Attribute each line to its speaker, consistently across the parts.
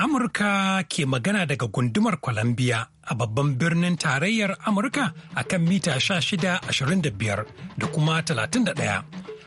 Speaker 1: Amurka ke magana daga gundumar Columbia a babban birnin tarayyar Amurka a kan mita 1625 da kuma 31.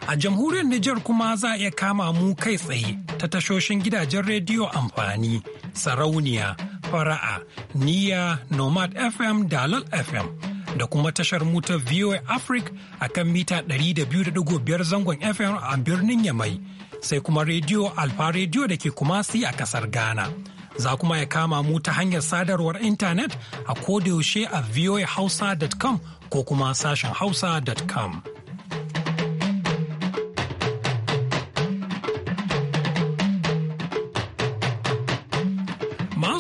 Speaker 1: A jamhuriyar Nijar kuma za a iya kama mu kai tsaye ta tashoshin gidajen rediyo amfani, sarauniya, fara'a, niya, nomad FM, dalal FM. da kuma tashar mutar VOA Africa a kan mita 200.5 zangon FM a birnin Yamai sai kuma rediyo Alfa rediyo da ke Kumasi a kasar Ghana. Za kuma ya kama mu ta hanyar sadarwar intanet a kodayaushe a voahausa.com ko kuma sashen hausa.com.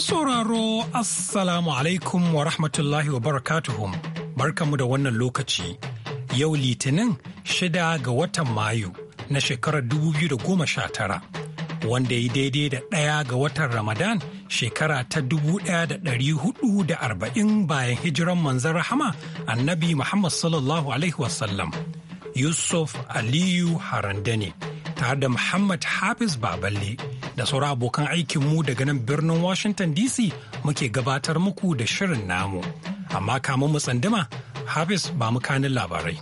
Speaker 1: sauraro assalamu alaikum wa rahmatullahi wa barakatuhum barkamu da wannan lokaci yau litinin shida ga watan mayu na shekarar 2019 wanda ya daidai da ɗaya ga watan Ramadan shekara ta 1440 bayan hijiran manzan rahama annabi Muhammad sallallahu Alaihi wasallam Yusuf Aliyu harandani tare da Muhammad Hafiz Baballe da sauran abokan aikinmu daga nan birnin Washington DC muke gabatar muku da shirin namu. Amma kamun mu tsandama, Hafiz ba mu kanin labarai.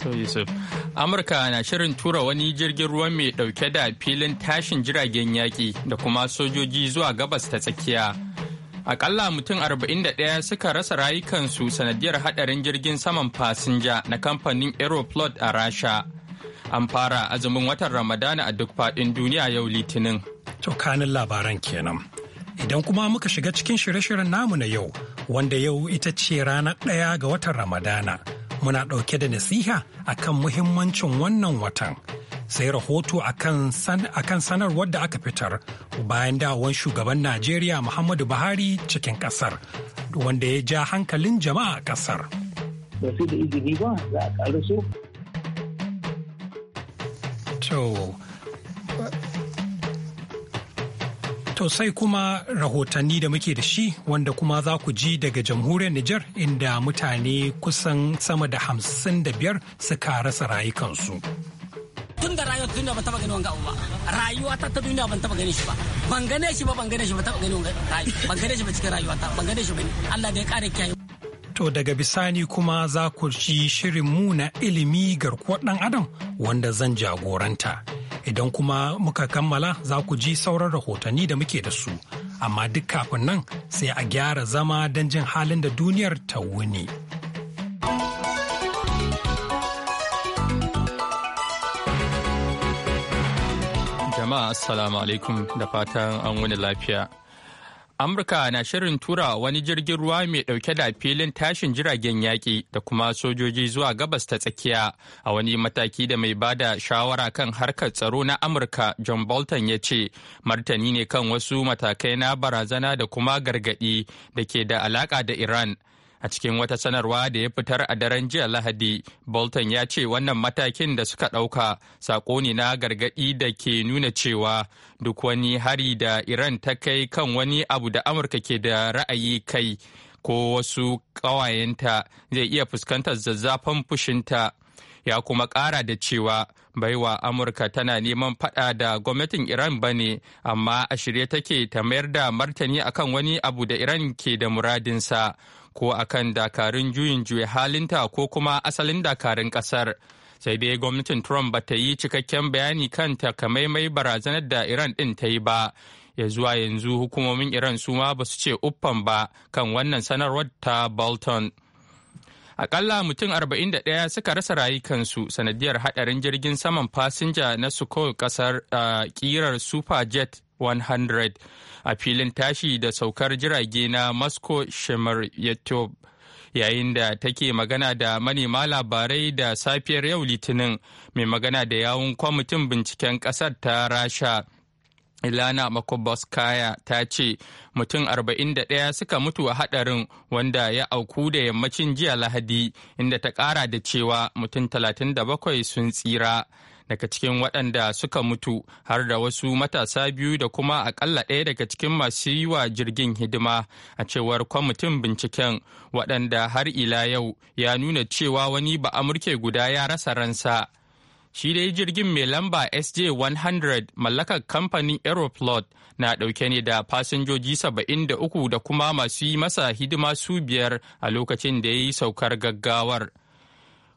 Speaker 2: amurka na shirin tura wani jirgin ruwa mai dauke da filin tashin jiragen yaƙi da kuma sojoji zuwa gabas ta tsakiya akalla mutum 41 suka rasa rayukansu sanadiyar hadarin jirgin saman fasinja na kamfanin aeroflot a rasha an fara azumin watan ramadana a duk faɗin duniya yau litinin to
Speaker 1: kanin labaran kenan idan kuma muka shiga cikin shirye-shiryen namu na yau wanda yau ita ce ranar ɗaya ga watan ramadana muna ɗauke da nasiha akan muhimmancin wannan watan. sai rahoto a kan sanarwar da aka fitar bayan dawon shugaban Najeriya Muhammadu Buhari cikin ƙasar, wanda ya ja hankalin jama'a ƙasar Ba su da izini ba za a ƙaraso. To, To sai kuma rahotanni da muke da shi wanda kuma za ku ji daga jamhuriyar Nijar inda mutane kusan sama da hamsin da biyar suka rasa rayukansu.
Speaker 3: Tun da rayuwar duniya ban taba gani wanga ba. Rayuwa ta ta duniya ban taba gani shi ba. Ban gane shi ba ban gane shi ba taba gani wanga. Ban gane shi ba cikin rayuwa ta ban gane shi ba. Allah da ya kare
Speaker 1: kiyaye. To daga bisani kuma za ku ci mu na ilimi garkuwar ɗan adam wanda zan jagoranta. Idan kuma muka kammala za ku ji sauran rahotanni da muke da su, amma duk kafin nan sai a gyara zama don jin halin da duniyar ta wuni.
Speaker 2: Jama'a Assalamu alaikum da fatan an wuni lafiya. Amurka na shirin tura wani jirgin ruwa mai ɗauke da filin tashin jiragen yaƙi da kuma sojoji zuwa gabas ta tsakiya a wani mataki da mai bada shawara kan harkar tsaro na Amurka John Bolton ya ce martani ne kan wasu matakai na barazana da kuma gargaɗi da ke da alaƙa da Iran. A cikin wata sanarwa da ya fitar a daren jiya Lahadi, Bolton ya ce wannan matakin da suka ɗauka sako ne na gargaɗi da ke nuna cewa duk wani hari da Iran ta kai kan wani abu da Amurka ke da ra'ayi kai ko wasu ƙawayenta zai iya fuskantar zazzafan fushinta. Ya kuma ƙara da cewa baiwa Amurka tana neman faɗa da gwamnatin Iran ba ne, amma a shirye take ta mayar da martani akan wani abu da Iran ke da muradinsa. ko a kan dakarun juyin juya halinta ko kuma asalin dakarun kasar sai dai gwamnatin trump ba ta yi cikakken bayani kan takamaimai barazanar da iran din ta yi ba ya zuwa yanzu hukumomin iran su ma ba su ce uffan ba kan wannan sanarwar ta bolton akalla mutum 41 suka rasa rayukansu sanadiyar hadarin jirgin saman fasinja na suko kasar kirar superjet 100 a filin tashi da saukar jirage na moscow shemeryatov yayin da take magana da manema labarai da safiyar yau litinin mai magana da yawun kwamitin binciken kasar ta rasha Ilana Makoboskaya ta ce mutum 41 suka mutu a hadarin wanda ya auku da yammacin jiya Lahadi inda ta kara da cewa mutum 37 sun tsira. daga cikin waɗanda suka mutu har da wasu matasa biyu da kuma akalla ɗaya daga cikin masu yi wa jirgin hidima a cewar kwamitin binciken waɗanda har ila yau ya nuna cewa wani ba amurke guda ya rasa ransa. shi dai jirgin mai lamba sj100 mallakar kamfanin aeroplot na ɗauke ne da fasinjoji 73 da kuma masu yi masa hidima su biyar a lokacin da ya yi saukar gaggawar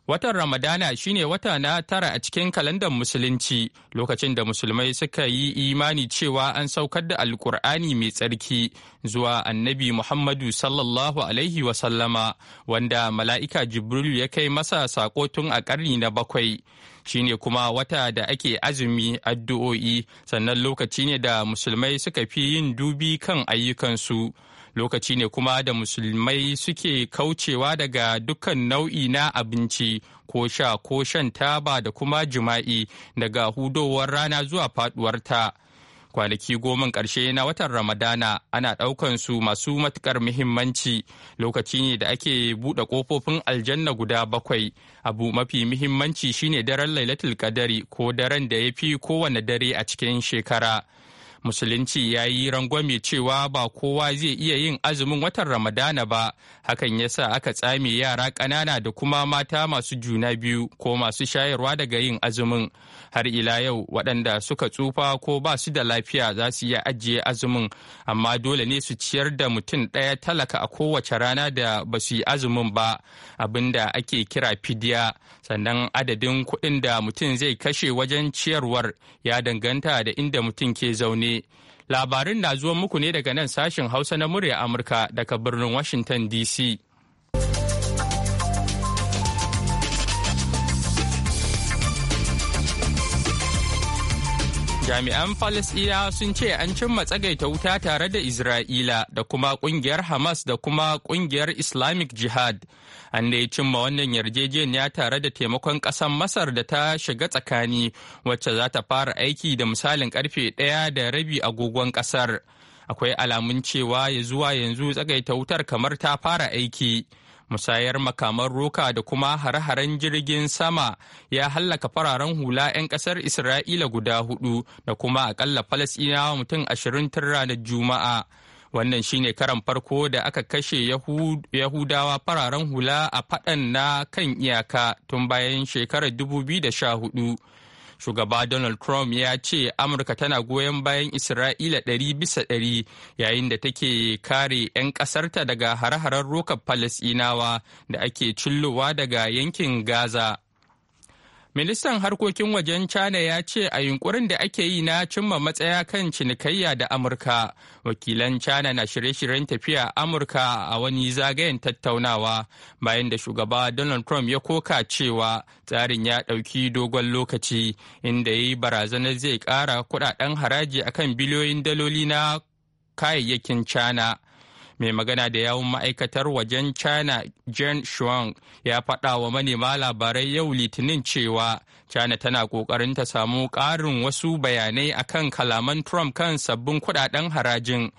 Speaker 2: Watan Ramadana shine wata na tara a cikin kalandar Musulunci, lokacin da Musulmai suka yi imani cewa an saukar da al'kur'ani mai tsarki zuwa annabi Muhammadu sallallahu Alaihi wasallama, wanda mala'ika Jibrilu ya kai masa saƙo tun a ƙarni na bakwai. shine kuma wata da ake azumi addu'o'i sannan lokaci ne da musulmai suka fi yin dubi kan ayyukansu lokaci ne kuma da musulmai suke kaucewa daga dukkan nau'i na abinci ko sha ko shan taba da kuma jima'i daga hudowar rana zuwa faduwarta kwanaki goman ƙarshe na watan ramadana ana ɗaukan su masu matuƙar muhimmanci lokaci ne da ake buɗe ƙofofin aljanna guda bakwai abu mafi muhimmanci shine daren lailatul kadari ko daren da ya fi kowane dare a cikin shekara musulunci ya yi rangwame cewa ba kowa zai iya yin azumin watan ramadana ba hakan ya sa aka tsame yara ƙanana da kuma mata masu juna biyu ko masu shayarwa daga yin azumin har ila yau waɗanda suka tsufa ko ba su da lafiya za su iya ajiye azumin amma dole ne su ciyar da mutum ɗaya talaka a kowace rana da ba su yi azumin ba abinda ake kira fidiya sannan adadin kuɗin da mutum zai kashe wajen ciyarwar ya danganta da inda mutum ke zaune labarin na zuwa muku ne daga nan sashen hausa na murya amurka daga birnin washington dc Jami'an Falasɗinawa sun ce an cimma tsagaita wuta tare da Isra'ila da kuma ƙungiyar Hamas da kuma ƙungiyar Islamic Jihad. An da cimma wannan yarjejeniya tare da taimakon ƙasar Masar da ta shiga tsakani wacce za ta fara aiki da misalin karfe ɗaya da rabi agogon ƙasar. Akwai alamun cewa ya zuwa yanzu tsagaita wutar kamar ta fara aiki. musayar makaman roka da kuma hare-haren jirgin sama ya hallaka fararen hula 'yan kasar isra'ila guda hudu da kuma akalla falasinawa mutum ashirin tun ranar juma'a wannan shine karan farko da aka kashe yahudawa fararen hula a faɗan na kan iyaka tun bayan shekarar 2014 Shugaba Donald Trump ya ce Amurka tana goyon bayan Isra'ila ɗari bisa ɗari yayin da take kare 'yan ƙasarta daga hare-haren rokar Falasɗinawa da ake cillowa daga yankin Gaza. Ministan harkokin wajen China ya ce a yunkurin da ake yi na cimma matsaya kan cinikayya da Amurka, wakilan China na shirye-shiryen tafiya Amurka a wani zagayen tattaunawa bayan da shugaba Donald Trump ya koka cewa tsarin ya ɗauki dogon lokaci inda ya yi barazanar zai ƙara kuɗaɗen haraji akan biliyoyin daloli na kayayyakin China. mai magana da yawun ma'aikatar wajen china jen shuang ya faɗa wa manema labarai yau litinin cewa china tana ƙoƙarin ta samu ƙarin wasu bayanai akan kalaman trump kan sabbin kuɗaɗen harajin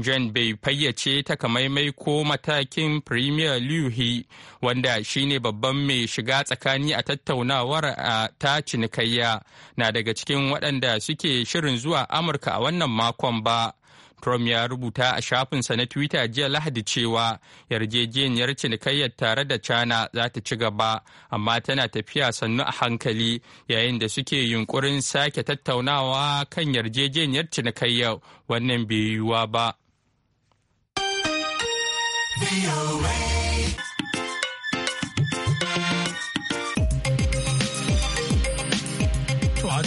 Speaker 2: jen bai fayyace takamaimai ko matakin Premier Liu He wanda shine babban mai shiga tsakani a tattaunawar a ta cinikayya na daga cikin waɗanda suke shirin zuwa Amurka a wannan makon ba. Trump ya rubuta a shafinsa na Twitter jiya Lahadi cewa yarjejeniyar cinikayyar tare da China za ta ci gaba, amma tana tafiya sannu a hankali yayin da suke yunkurin sake tattaunawa kan yarjejeniyar cinikayyar wannan bai yiwuwa ba.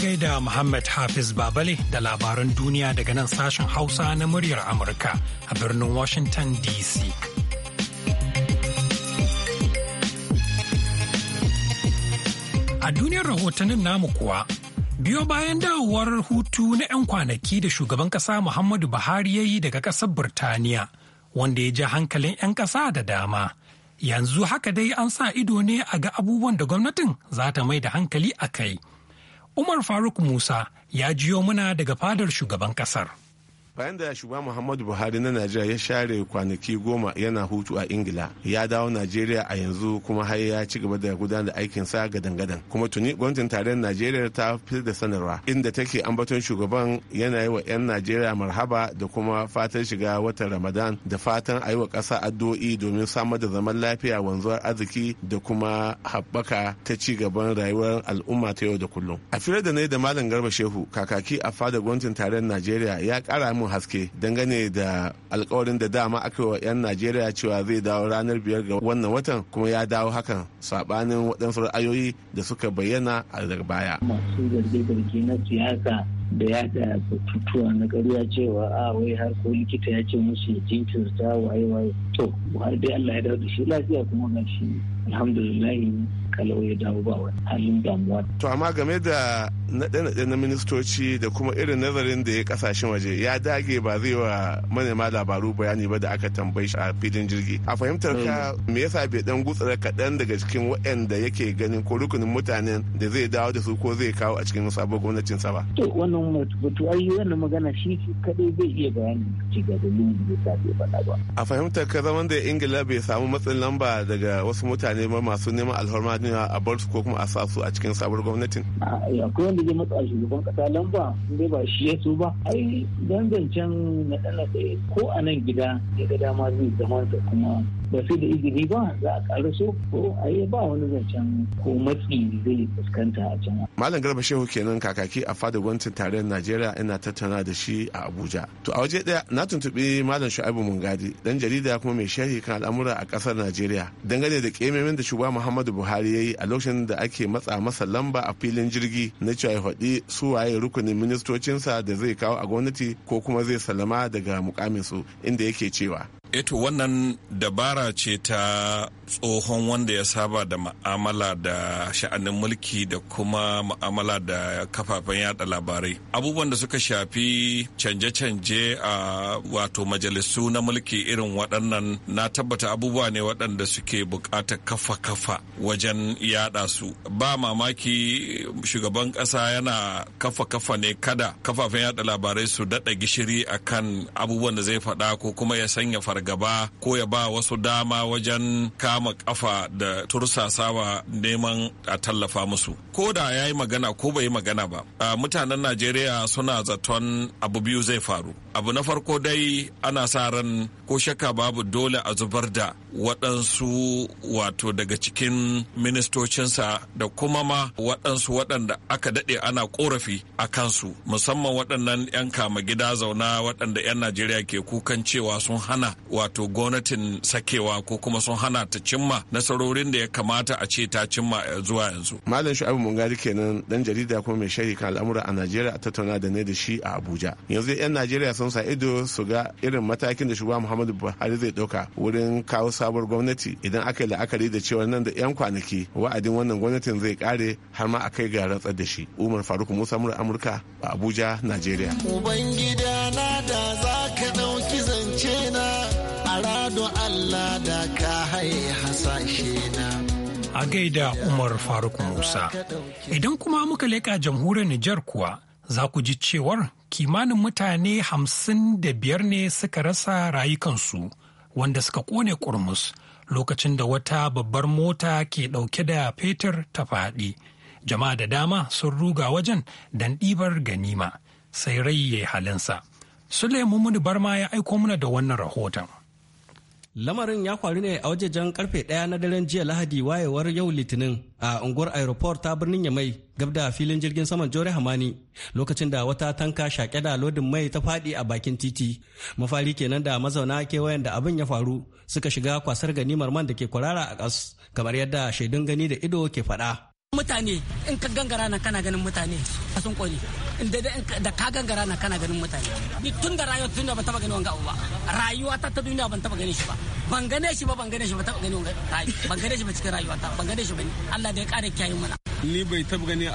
Speaker 1: kai da Muhammad Hafiz Babale da labaran duniya daga nan sashen Hausa na muryar Amurka a birnin Washington DC. A duniyar rahotannin namu kuwa, biyo bayan dawowar hutu na 'yan kwanaki da shugaban ƙasa Muhammadu Buhari ya yi daga ƙasar Burtaniya, wanda ya ja hankalin 'yan ƙasa da dama. Yanzu haka dai an sa ido ne a ga abubuwan da gwamnatin za ta mai da hankali a kai. Umar Faruk Musa ya jiyo muna daga fadar shugaban kasar.
Speaker 4: bayan da shugaba muhammadu buhari na najeriya ya share kwanaki goma yana hutu a ingila ya dawo najeriya a yanzu kuma har ya ci gaba da gudanar da aikin sa gadan-gadan kuma tuni gwamnatin tarayyar najeriya ta fitar da sanarwa inda take ambaton shugaban yana yi wa 'yan najeriya marhaba da kuma fatan shiga watan ramadan da fatan a yi wa ƙasa addu'o'i domin samar da zaman lafiya wanzuwar arziki da kuma haɓaka ta ci gaban rayuwar al'umma ta yau da kullum a filar da na da malam garba shehu kakaki a fadar gwamnatin tarayyar najeriya ya ƙara samun haske dangane da alkawarin da dama aka wa 'yan najeriya cewa zai dawo ranar biyar ga wannan watan kuma ya dawo hakan sabanin waɗansu ra'ayoyi da suka bayyana a daga baya
Speaker 5: masu zarge-zarge na siyasa da yada batutuwa na ƙarya cewa a ah, wai har ko likita ya ce musu jinkirta waye waye to har dai Allah ya
Speaker 6: dawo da shi lafiya kuma ga shi alhamdulillah kalau ya dawo ba wani halin damuwa.
Speaker 4: To amma game da naɗe-naɗe na ministoci da kuma irin nazarin da ya ƙasashen waje ya dage ba zai wa manema labaru bayani ba da aka tambayi a filin jirgi. A fahimtar ka mm. me yasa bai dan gutsura kaɗan daga cikin waɗanda yake ganin ko rukunin mutanen da zai dawo da su ko zai kawo a cikin sabon gwamnatin sa ba.
Speaker 7: To wannan mutu ayi wannan magana shi
Speaker 4: kaɗai zai iya bayani ci ga dalilin da bai faɗa ba. A fahimtar ka zaman da Ingila bai samu matsin lamba daga wasu mutane ba masu neman alhorma a bar su ko kuma a sa su a cikin sabuwar gwamnatin.
Speaker 5: Ya eh, ko wanda zai matsa shugaban kasa lamba dai ba shi ya so ba. Ai dangancen na ɗan ko a nan gida ya ga dama zai zama kuma ba sai da
Speaker 1: izini ba za a ƙara so ko a yi ba wani zancen ko matsi zai fuskanta a
Speaker 4: can. Malam Garba Shehu kenan kakaki a fada gwamnatin tarayyar Najeriya ina tattauna da shi a Abuja. To a waje ɗaya na tuntuɓi Malam Shu'aibu Mungadi dan jarida kuma mai sharhi kan al'amura a ƙasar Najeriya dangane da kememin da shugaba Muhammadu Buhari ya yi a lokacin da ake matsa masa lamba a filin jirgi na cewa ya faɗi su waye rukunin ministocinsa da zai kawo a gwamnati ko kuma zai salama daga mukaminsu inda yake cewa
Speaker 8: eto eh wannan dabara ce ta tsohon wanda ya saba da ma'amala da sha'anin mulki da kuma ma'amala da kafafen yada labarai abubuwan da suka shafi canje-canje a wato majalisu na mulki irin waɗannan na tabbata abubuwa ne waɗanda suke buƙatar kafa-kafa wajen yada su ba mamaki shugaban ƙasa yana kafa-kafa ne kada kafafen yada labarai su daɗa gishiri a kan abubuwan da zai faɗa ko kuma ya sanya fargaba ko ya ba wasu dama wajen ka kama kafa da tursasawa neman a tallafa musu ko da ya yi magana ko bai yi magana ba mutanen najeriya suna zaton abu biyu zai faru abu na farko dai ana sa ran ko shaka babu dole a zubar da waɗansu wato daga cikin ministocinsa da kuma ma waɗansu waɗanda aka daɗe ana ƙorafi a kansu musamman waɗannan 'yan kama gida zauna waɗanda 'yan najeriya ke kukan cewa sun hana wato gwamnatin sakewa ko kuma sun hana ta cimma nasarorin da ya kamata a ce ta cimma eh, zuwa yanzu.
Speaker 4: Malam Shu'aibu Mungari kenan dan jarida kuma mai shari kan al'amura a Najeriya a tattauna da ne da shi a Abuja. Yanzu 'yan Najeriya sun sa ido su ga irin matakin da shugaba Muhammadu Buhari zai ɗauka wurin kawo sabuwar gwamnati idan aka yi la'akari da cewa nan da 'yan kwanaki wa'adin wannan gwamnatin zai kare har ma a kai ga rantsar da shi. Umar Faruk Musa Mura Amurka a Abuja, Najeriya.
Speaker 9: Ubangida na
Speaker 5: da za ka ɗauki zance na a Allah da ka
Speaker 1: gaida Umar Faruk Musa. Idan kuma muka leƙa jamhuriyar Nijar kuwa za ku ji cewar kimanin mutane hamsin da biyar ne suka rasa rayukansu wanda suka ƙone ƙurmus lokacin da wata babbar mota ke ɗauke da fetur ta faɗi. Jama'a da dama sun ruga wajen don ɗibar ganima sai rai ya yi halinsa. Suleiman Muni Barma ya aiko mana da wannan rahoton. Lamarin ya faru ne a
Speaker 3: wajejen karfe ɗaya na daren jiya Lahadi wayewar yau Litinin a unguwar aeroport ta birnin Yamai gab da filin jirgin saman Jore Hamani lokacin da wata tanka shaƙe da lodin mai ta faɗi a bakin titi. Mafari kenan da mazauna kewayen da abin ya faru suka shiga kwasar ganimar man da ke kwarara a ƙas kamar yadda shaidun gani da ido ke faɗa. mutane in ka gangara na kana ganin mutane a sun kone da ka gangara na kana ganin mutane ni tun da rayuwa tun da ban taba ganin wanga ba rayuwa ta ta duniya ban taba ganin shi ba ban gane shi ba ban gane shi ba taba ganin wanga ban gane shi ba cikin rayuwa ta ban gane shi ba Allah da ya kare kiyaye mana
Speaker 9: ni bai taba gani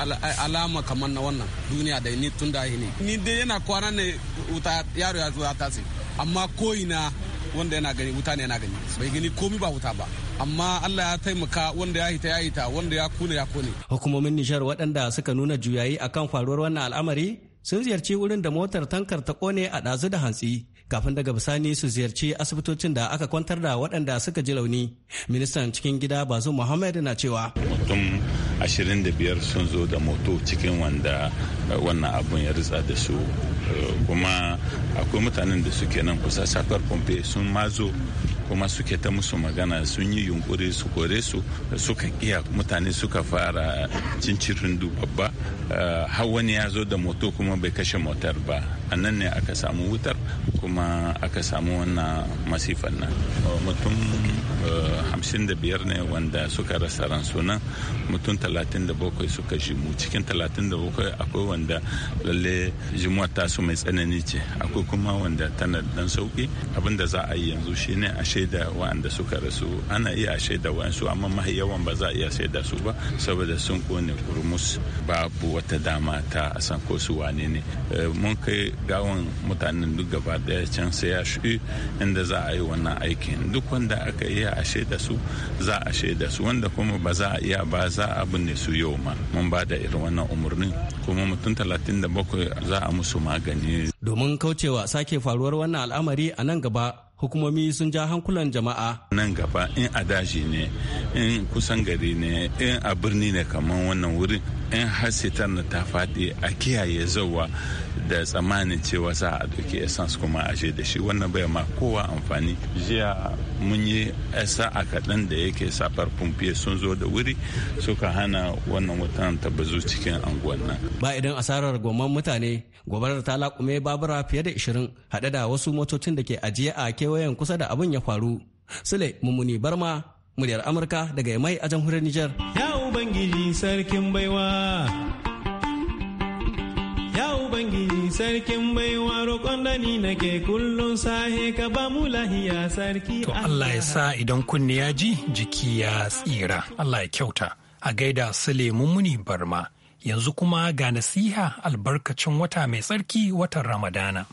Speaker 3: alama kamar na wannan duniya da ni tun da ne ni dai yana kwana ne wuta yaro ya zo ya tasi amma koina wanda yana gani wuta ne yana gani bai gani komi ba wuta ba amma Allah ya taimaka wanda ya hita ya hita wanda ya kone ya kone hukumomin Nijar waɗanda suka nuna juyayi akan faruwar wannan al'amari sun ziyarci wurin da motar tankar ta kone a ɗazu da hantsi kafin daga bisani su ziyarci asibitocin da aka kwantar da waɗanda suka ji launi ministan cikin gida bazu muhammad na cewa
Speaker 9: mutum 25 sun zo da moto cikin wanda eh, wannan abun ya ritsa da su eh, kuma akwai mutanen da suke nan kusa safar pompe sun mazo kuma suke ta musu magana sun yi yunkuri su kore su suka kiya mutane suka fara cincirin babba eh, har wani ya zo da moto kuma bai kashe motar ba a nan ne aka samu wutar kuma aka samu wannan masifan nan oh, mutum 55 eh, ne wanda suka rasa ransu nan mutum 37 suka jimu cikin 37 akwai wanda lalle jimuwa tasu mai tsanani ce akwai kuma wanda tana dan sauki abinda za a yi yanzu shine a shaida wa'anda suka rasu ana iya a shaida wa'ansu amma mahi yawan ba za a iya shaida su ba saboda sun kone kurmus babu wata dama ta san ko su wane ne eh, mun kai gawan mutanen duk gaba da can shi inda za a yi wannan aikin duk wanda aka yi a shaida su za a shaida su wanda kuma ba za a iya ba za a binne su yau ma mun ba da irin wannan umarnin kuma mutum 37 za a musu magani
Speaker 3: domin kaucewa sake faruwar wannan al'amari a nan gaba hukumomi sun ja hankulan jama'a.
Speaker 9: Nan gaba in a daji ne, in kusan gari ne, in a birni ne kamar wannan wurin in har sitar na ta faɗi a kiyaye zauwa da tsammanin cewa za a doke essence kuma a da shi wannan bai ma kowa amfani jiya mun yi esa a kaɗan da yake safar fumfiye sun zo da wuri suka hana wannan wutan ta bazu cikin anguwan nan
Speaker 3: ba idan asarar goman mutane gobarar ta laƙume babura fiye da 20 haɗe da wasu motocin da ke ajiye a kewayen kusa da abin ya faru sule mummuni barma muryar amurka daga mai a jamhuriyar niger Ubangiji sarkin baiwa. Ya Ubangiji sarkin baiwa roƙon da ni nake kullum sahe ka ba mu lahiya sarki. To
Speaker 1: Allah ya sa idan kunne ya ji jiki ya tsira. Allah ya kyauta. A gaida su muni barma. Yanzu kuma ga nasiha albarkacin wata mai tsarki watan Ramadana.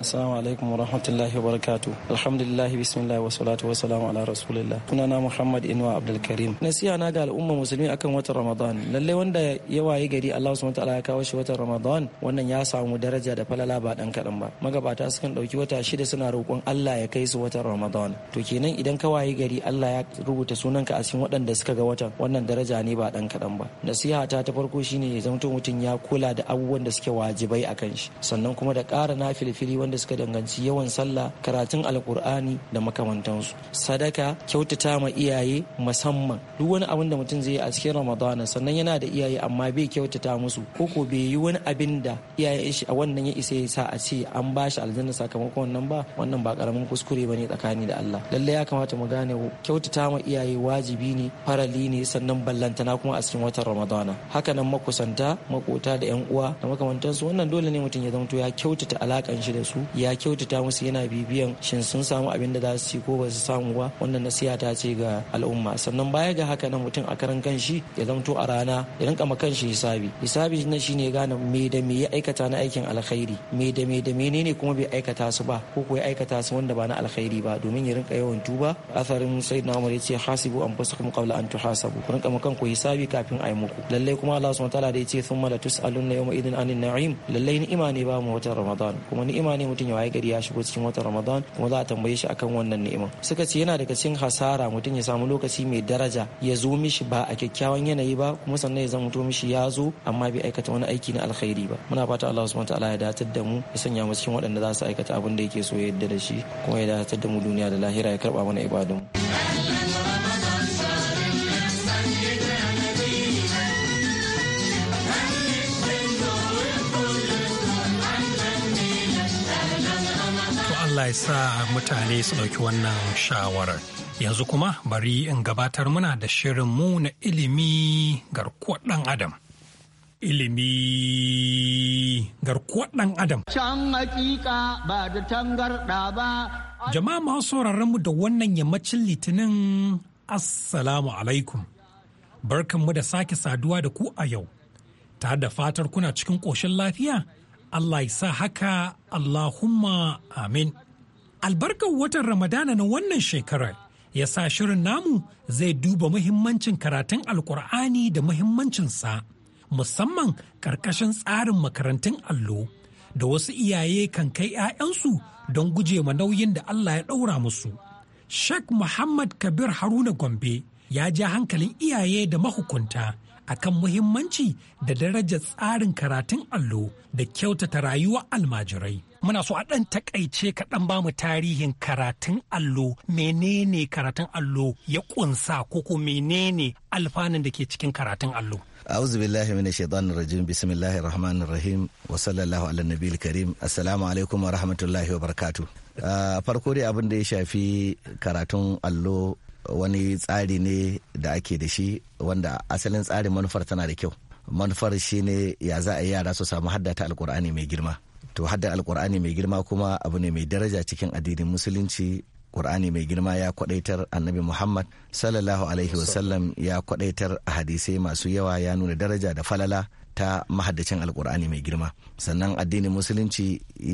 Speaker 6: Assalamu alaikum wa rahmatullahi wa barakatu. Alhamdulillah bismillah wa salatu wa salamu ala rasulillah. Sunana Muhammad Inuwa Abdulkarim. Nasiha na ga al'umma musulmi akan watan Ramadan. Lalle wanda ya waye gari Allah subhanahu wataala ya kawo shi watan Ramadan wannan ya samu daraja da falala ba dan kadan ba. Magabata sukan dauki wata shida suna roƙon Allah ya kai su watan Ramadan. To kenan idan ka waye gari Allah ya rubuta sunanka a cikin waɗanda suka ga watan wannan daraja ne ba dan kadan ba. Nasiha ta ta farko shine ya zamto mutum ya kula da abubuwan da suke wajibai akan shi. Sannan kuma da ƙara na filfili abubuwan da suka danganci yawan sallah karatun alkur'ani da makamantansu sadaka kyautata ma iyaye musamman duk wani abin da mutum zai yi a cikin ramadana sannan yana da iyaye amma bai kyautata musu ko ko bai yi wani abin da iyayen shi a wannan ya isa ya sa a ce an ba shi aljanna sakamakon wannan ba wannan ba karamin kuskure bane tsakani da Allah lallai ya kamata mu gane kyautata ma iyaye wajibi ne farali ne sannan ballantana kuma a cikin watan ramadana haka nan makusanta makota da yan uwa da makamantansu wannan dole ne mutum ya zamto ya kyautata alakan shi da su su ya kyautata musu yana bibiyan shin sun samu abin da za su yi ko ba su samu ba wannan nasiha ta ce ga al'umma sannan baya ga haka nan mutum a karan kanshi ya zamto a rana ya rinka ma kanshi hisabi hisabi na shine gane me da me ya aikata na aikin alkhairi me da me da menene kuma bai aikata su ba ko ko ya aikata su wanda ba na alkhairi ba domin ya rinka yawan tuba asarin sayyidina umar yace hasibu anfusakum qabla an tuhasabu ku rinka ma kanku hisabi kafin a yi muku lallai kuma Allah subhanahu wa ta'ala da yace thumma la tus'alunna yawma idin anin na'im lallai ni'ima ne ba mu wata ramadan kuma ni'ima ne mutum ya waye gari ya shigo cikin watan ramadan kuma za a tambaye shi akan wannan ni'ima suka ce yana daga cikin hasara mutum ya samu lokaci mai daraja ya zo mishi ba a kyakkyawan yanayi ba kuma sannan ya zama to mishi ya zo amma bai aikata wani aiki na alkhairi ba muna fata Allah subhanahu wataala ya datar da mu ya sanya mu cikin waɗanda za su aikata abin da yake so ya yadda da shi kuma ya datar da mu duniya da lahira ya karba mana ibadun mu
Speaker 1: Allah ya sa mutane su ɗauki wannan shawarar. Yanzu kuma bari in gabatar muna da shirin mu na ilimi garkuwar ɗan Adam. Ilimi garkuwar ɗan Adam. Can hakika ba da tangarɗa ba. Jama'a masu sauraron mu da wannan yammacin litinin Assalamu alaikum. Barkanmu da sake saduwa da ku a yau. Ta da fatar kuna cikin ƙoshin lafiya. Allah ya sa haka Allahumma amin. Albarkar watan Ramadana na wannan shekarar ya sa shirin namu zai duba muhimmancin karatun Alƙur'ani da muhimmancinsa, musamman ƙarƙashin tsarin makarantun allo da wasu iyaye kan kai 'ya'yansu don gujewa nauyin da Allah ya ɗaura musu. Sheikh Muhammad Kabir Haruna Gombe ya ja hankalin iyaye da mahukunta akan muhimmanci da daraja tsarin karatun allo da kyautata rayuwar almajirai. Muna so a ɗan takaice kaɗan ba mu tarihin karatun allo menene karatun allo ya ƙunsa koko menene alfanun da ke cikin karatun allo.
Speaker 5: أعوذ بالله من الشيطان الرجيم بسم الله الرحمن الرحيم وصلى الله على النبي الكريم السلام عليكم ورحمة الله وبركاته farko dai abin da ya shafi karatun allo wani tsari ne da ake da shi wanda asalin tsarin manufar tana da kyau manufar shi ne ya za a yi yara su samu hadda ta alkur'ani mai girma to hadda alkur'ani mai girma kuma abu ne mai daraja cikin addinin musulunci Qur'ani mai girma ya kwadaitar annabi Muhammad sallallahu alaihi wasallam ya kwadaitar a hadisai masu yawa ya nuna daraja da falala ta mahaddacin alkur'ani mai girma sannan addinin musulunci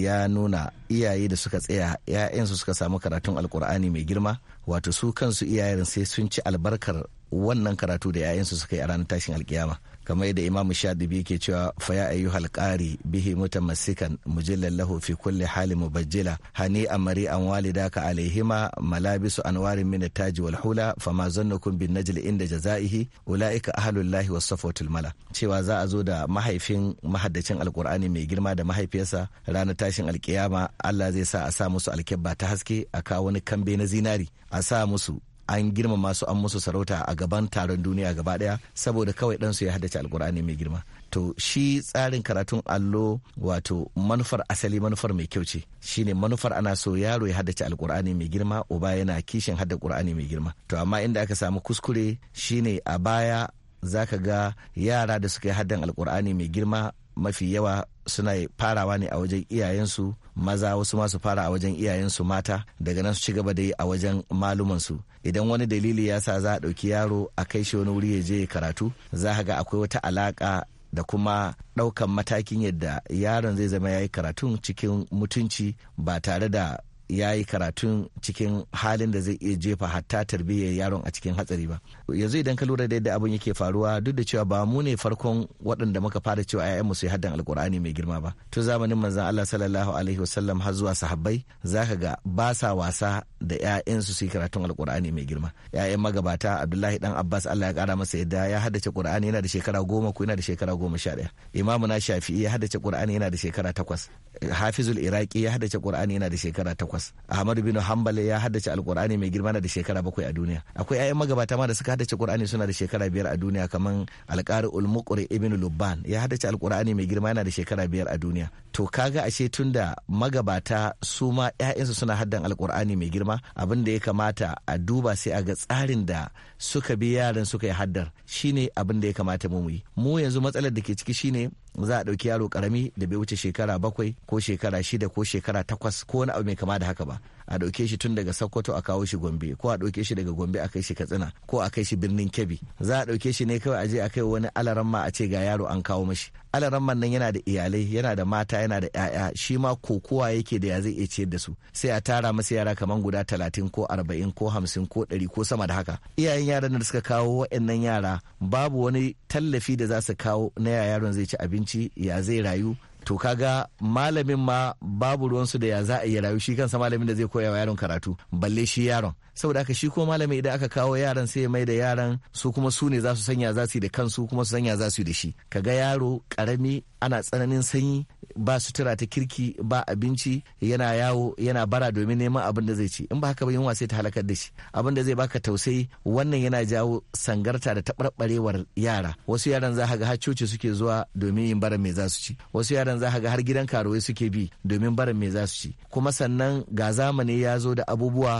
Speaker 5: ya nuna iyaye da suka tsaya 'ya'yansu suka samu karatun alkur'ani mai girma wato su kansu iyayen sai sun ci albarkar wannan karatu da 'ya'yansu suka yi a ranar tashin alkiyama kamar yadda imamu shadibi ke cewa ya ayu halƙari bihi mutamassikan mujillan lahu fi kulli hali mubajjila hani amari an walidaka alaihima malabisu anwari min taji wal hula fama zannukum bin najli inda jazaihi ulaika ahlullahi was safatul mala cewa za a zo da mahaifin mahaddacin alqur'ani mai girma da mahaifiyarsa ranar tashin alkiyama Allah zai sa a sa musu alkebba ta haske a kawo wani kambe na zinari a sa musu an girmama su an musu sarauta a gaban taron duniya gaba daya saboda kawai ɗansu ya haddace alkur'ani mai girma to shi tsarin karatun allo wato manufar asali manufar mai kyau ce shine manufar ana so yaro ya haddace alkur'ani mai girma uba yana kishin hadda kur'ani mai girma to amma inda aka samu kuskure shine a baya zaka ga yara da suka yi haddan alkur'ani mai girma mafi yawa suna farawa ne a wajen iyayensu maza wasu masu fara a wajen iyayensu mata daga nan su ci gaba da yi a wajen malumansu idan wani dalili ya sa za a ɗauki yaro a kai shi wani wuri ya je karatu za ga akwai wata alaƙa da kuma ɗaukan matakin yadda yaron zai zama ya yi karatun cikin mutunci ba tare da ya yi karatun cikin halin da zai iya jefa hatta tarbiyyar yaron a cikin hatsari ba yanzu idan ka lura da yadda abin yake faruwa duk da cewa ba mu ne farkon waɗanda muka fara cewa ƴaƴanmu su yi haddan alkur'ani mai girma ba tun zamanin manzon Allah sallallahu alaihi wasallam har zuwa sahabbai zaka ga ba sa wasa da ƴaƴansu su yi karatun alkur'ani mai girma ƴaƴan magabata Abdullahi dan Abbas Allah ya kara masa yadda ya haddace Qur'ani yana da shekara goma ko yana da shekara goma sha ɗaya imamu na Shafi'i ya haddace Qur'ani yana da shekara takwas Hafizul Iraki ya haddace Qur'ani yana da shekara takwas takwas ahmadu bin hambal ya haddace alkur'ani mai girma da shekara bakwai a duniya akwai 'ya'yan magabata ma da suka haddace alkur'ani suna da shekara biyar a duniya kamar alƙari ulmuqri ibn lubban ya haddace alkur'ani mai girma yana da shekara biyar a duniya to kaga ashe tunda magabata su ma 'ya'yansu suna haddan alkur'ani mai girma abin da ya kamata a duba sai a ga tsarin da suka bi yaran suka yi haddar shine abin da ya kamata mu yi mu yanzu matsalar da ke ciki shine za a ɗauki yaro karami da bai wuce shekara bakwai ko shekara shida ko shekara takwas ko wani abu mai kama da haka ba a ɗauke shi tun daga sokoto a kawo shi gombe ko a ɗauke shi daga gombe a kai shi katsina ko a kai shi birnin kebbi za a ɗauke shi ne kawai a je a kai wani alaramma a ce ga yaro an kawo mashi alaramman nan yana da iyalai yana da mata yana da 'ya'ya shi ma kokowa yake da ya zai iya ciyar da su sai a tara masa yara kamar guda talatin ko arba'in ko hamsin ko ɗari ko sama da haka iyayen yaran da suka kawo waɗannan yara babu wani tallafi da za su kawo na yaron zai ci abinci ya zai rayu to kaga malamin ma babu ruwansu da ya za a yi rayu shi kansa malamin da zai koya wa yaron karatu balle shi yaron saboda haka shi ko malami idan aka kawo yaran sai ya mai da yaran su kuma su ne za su sanya za su da kansu kuma su sanya za su yi da shi kaga yaro karami ana tsananin sanyi ba sutura ta kirki ba abinci yana yawo yana bara domin neman abin da zai ci in ba haka ba yunwa sai ta halakar da shi abin da zai baka tausayi wannan yana jawo sangarta da taɓarɓarewar yara wasu yaran za ga har coci suke zuwa domin yin baran me za su ci wasu yaran za ga har gidan karuwai suke bi domin baran me za su ci kuma sannan ga zamani ya zo da abubuwa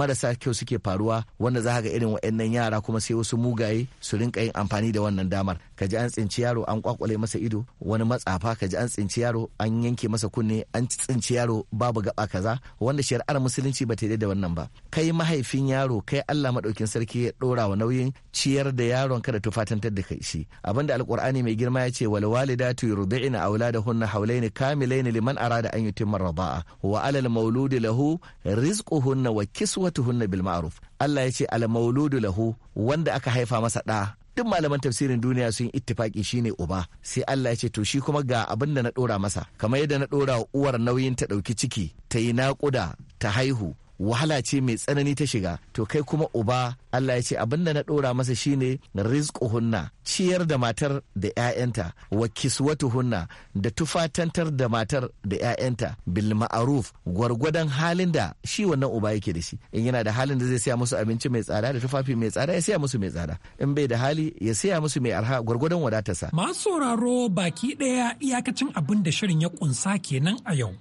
Speaker 5: marasa kyau suke faruwa wanda za ga irin waɗannan yara kuma sai wasu mugaye su rinka yin amfani da wannan damar ka ji an tsinci yaro an kwakwale masa ido wani matsafa ka ji an tsinci yaro an yanke masa kunne an tsinci yaro babu gaba kaza wanda shari'ar musulunci ba ta da wannan ba kai mahaifin yaro kai Allah madaukin sarki ya dora wa nauyin ciyar da yaron kada tufatantar da kai shi abinda alkur'ani mai girma ya ce wal walidatu yurdi'na auladahunna hawlaini kamilaini liman arada an yutimma raba'a wa alal mauludi lahu rizquhunna wa kiswatuhunna bil ma'ruf Allah ya ce al mauludu lahu wanda aka haifa masa da duk malaman tafsirin duniya sun ittifaki shine uba sai Allah ya ce to shi kuma ga abin da na dora masa kamar yadda na dora uwar nauyin ta dauki ciki ta yi naƙuda ta haihu wahala ce mai tsanani ta shiga to kai kuma uba Allah ya ce abin da na dora masa shine rizquhunna ciyar da matar da 'ya'yanta wa kiswatuhunna da tufatantar da matar da 'ya'yanta bil ma'ruf gwargwadon halin da shi wannan uba yake da shi in yana da halin da zai saya musu abinci mai tsada da tufafi mai tsada ya siya musu mai tsada in bai da hali ya siya musu mai arha gwargwadon wadatarsa
Speaker 1: masu sauraro baki daya iyakacin abin da shirin ya kunsa kenan a yau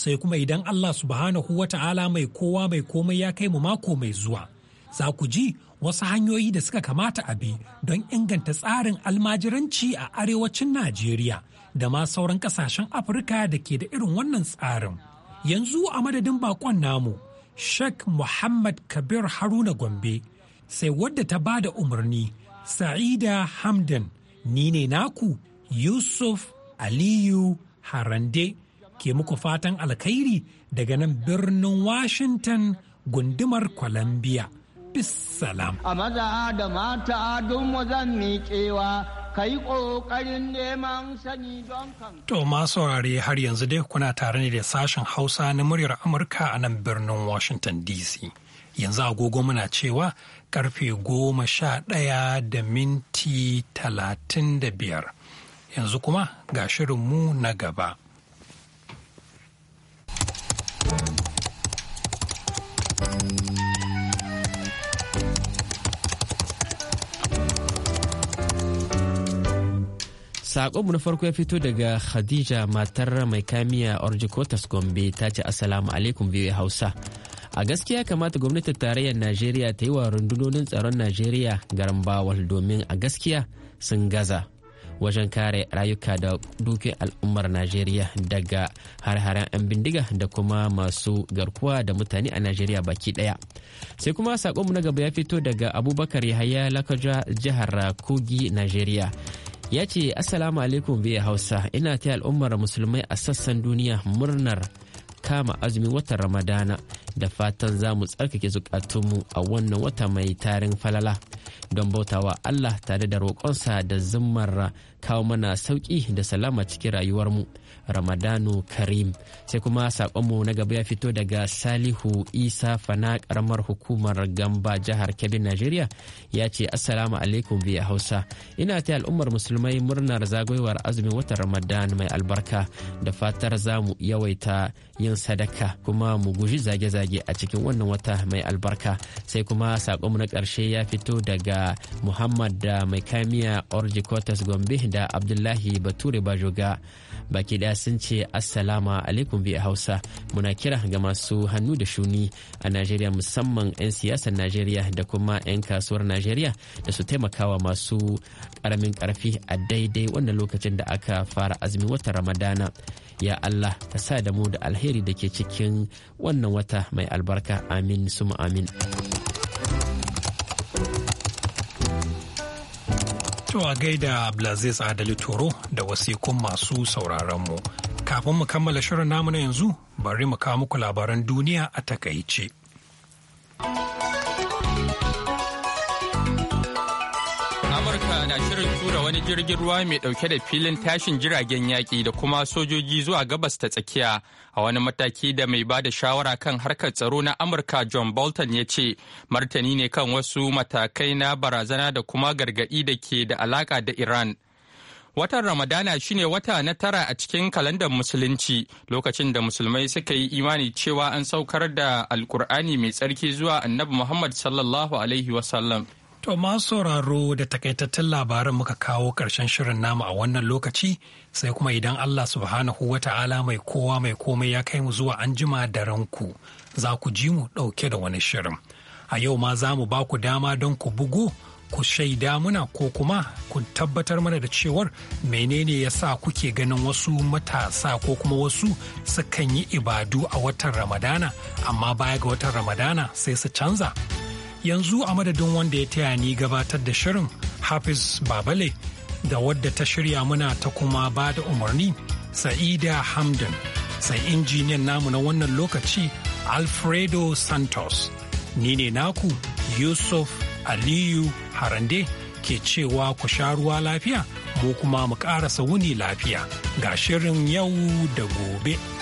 Speaker 1: sai kuma idan Allah subhanahu wa ta'ala mai kowa mai komai ya kai mu mako mai zuwa. Za ku ji wasu hanyoyi da suka kamata a bi don inganta tsarin almajiranci a arewacin Najeriya da ma sauran kasashen Afirka da ke da irin wannan tsarin. Yanzu a madadin bakon namu, Sheikh Muhammad Kabir Haruna Gombe, sai wadda ta ba da umarni, Sa'ida Hamdan, ni ne naku Yusuf Aliyu Harande. ke muku fatan alkhairi daga nan birnin Washington gundumar Columbia. Bissalam.
Speaker 5: A maza da mata don zan miƙewa ka yi ƙoƙarin neman sani don kan.
Speaker 1: To masu saurare har yanzu dai kuna tare ne da sashen Hausa na muryar Amurka a nan birnin Washington DC. Yanzu agogo muna cewa karfe goma sha ɗaya da minti talatin da biyar. Yanzu kuma ga shirinmu na gaba.
Speaker 7: saƙonmu na farko ya fito daga Khadija matar mai kamiya Orjikotas Gombe ta ce Assalamu alaikum biyu Hausa. A gaskiya kamata gwamnatin tarayyar Najeriya ta yi wa rundunonin tsaron Najeriya garan bawal domin a gaskiya sun gaza wajen kare rayuka da dukin al'ummar Najeriya daga har-haren 'yan bindiga da kuma masu garkuwa da mutane a Najeriya baki daya. Sai kuma sakonmu na gaba ya fito daga Abubakar Yahaya Lakaja jihar Kogi Najeriya. ya ce assalamu alaikum biya hausa ina ta al'ummar musulmai a sassan duniya murnar kama azumin watan ramadana da fatan za mu tsarkake zukatunmu a wannan wata mai tarin falala don bautawa Allah tare da roƙonsa da zimmar kawo mana sauƙi da salama cikin rayuwarmu. mu ramadanu karim sai kuma sakonmu na gaba ya fito daga salihu isa fana karamar hukumar gamba jihar kebbi najeriya ya ce assalamu alaikum biya hausa ina ta al'ummar musulmai murnar zagayowar azumin watan ramadan mai albarka da fatar za mu yawaita yin sadaka kuma mu guji zage-zage a cikin wannan wata mai albarka sai kuma sakonmu na ƙarshe ya fito daga muhammad da mai kamiya orji gombe da abdullahi bature bajoga baki daya sun ce assalamu alaikum bi hausa muna kira ga masu hannu da shuni a najeriya musamman 'yan siyasar najeriya da kuma 'yan kasuwar najeriya da su taimakawa masu karamin karfi a daidai wannan lokacin da aka fara azumin wata ramadana ya allah ka sa da mu da alheri da ke cikin wannan wata mai albarka amin suma amin
Speaker 1: To a gaida Abdulaziz Adali Toro da wasikun masu sauraronmu. Kafin mu kammala shirin namu na yanzu, bari mu kawo muku labaran duniya a takaice.
Speaker 2: shirin tura wani jirgin ruwa mai dauke da filin tashin jiragen yaƙi da kuma sojoji zuwa gabas ta tsakiya a wani mataki da mai ba da shawara kan harkar tsaro na amurka john bolton ya ce martani ne kan wasu matakai na barazana da kuma gargaɗi da ke da alaƙa da iran Watan Ramadana shine wata na tara a cikin kalandar Musulunci, lokacin da Musulmai suka yi imani cewa an saukar da Alkur'ani mai tsarki zuwa Annabi Muhammad sallallahu Alaihi wasallam.
Speaker 1: To masu sauraro da takaitattun labaran muka kawo ƙarshen shirin namu a wannan lokaci sai kuma idan Allah subhanahu wa ta'ala mai kowa mai komai ya kai mu zuwa anjima da ranku za ku ji mu ɗauke da wani shirin. A yau ma za mu ba ku dama don ku bugu ku shaida muna ko kuma ku tabbatar mana da cewar menene ya sa kuke ganin wasu matasa ko kuma wasu sukan yi ibadu a watan ramadana amma baya ga watan ramadana sai su canza yanzu a madadin wanda ya taya ni gabatar da shirin hafiz babale da wadda ta shirya muna ta kuma ba da umarni sa'ida hamdan sai injiniyan namu na wannan lokaci alfredo santos ni ne naku yusuf aliyu harande ke cewa ku sha ruwa lafiya mu kuma mu ƙarasa wuni lafiya ga shirin yau da gobe.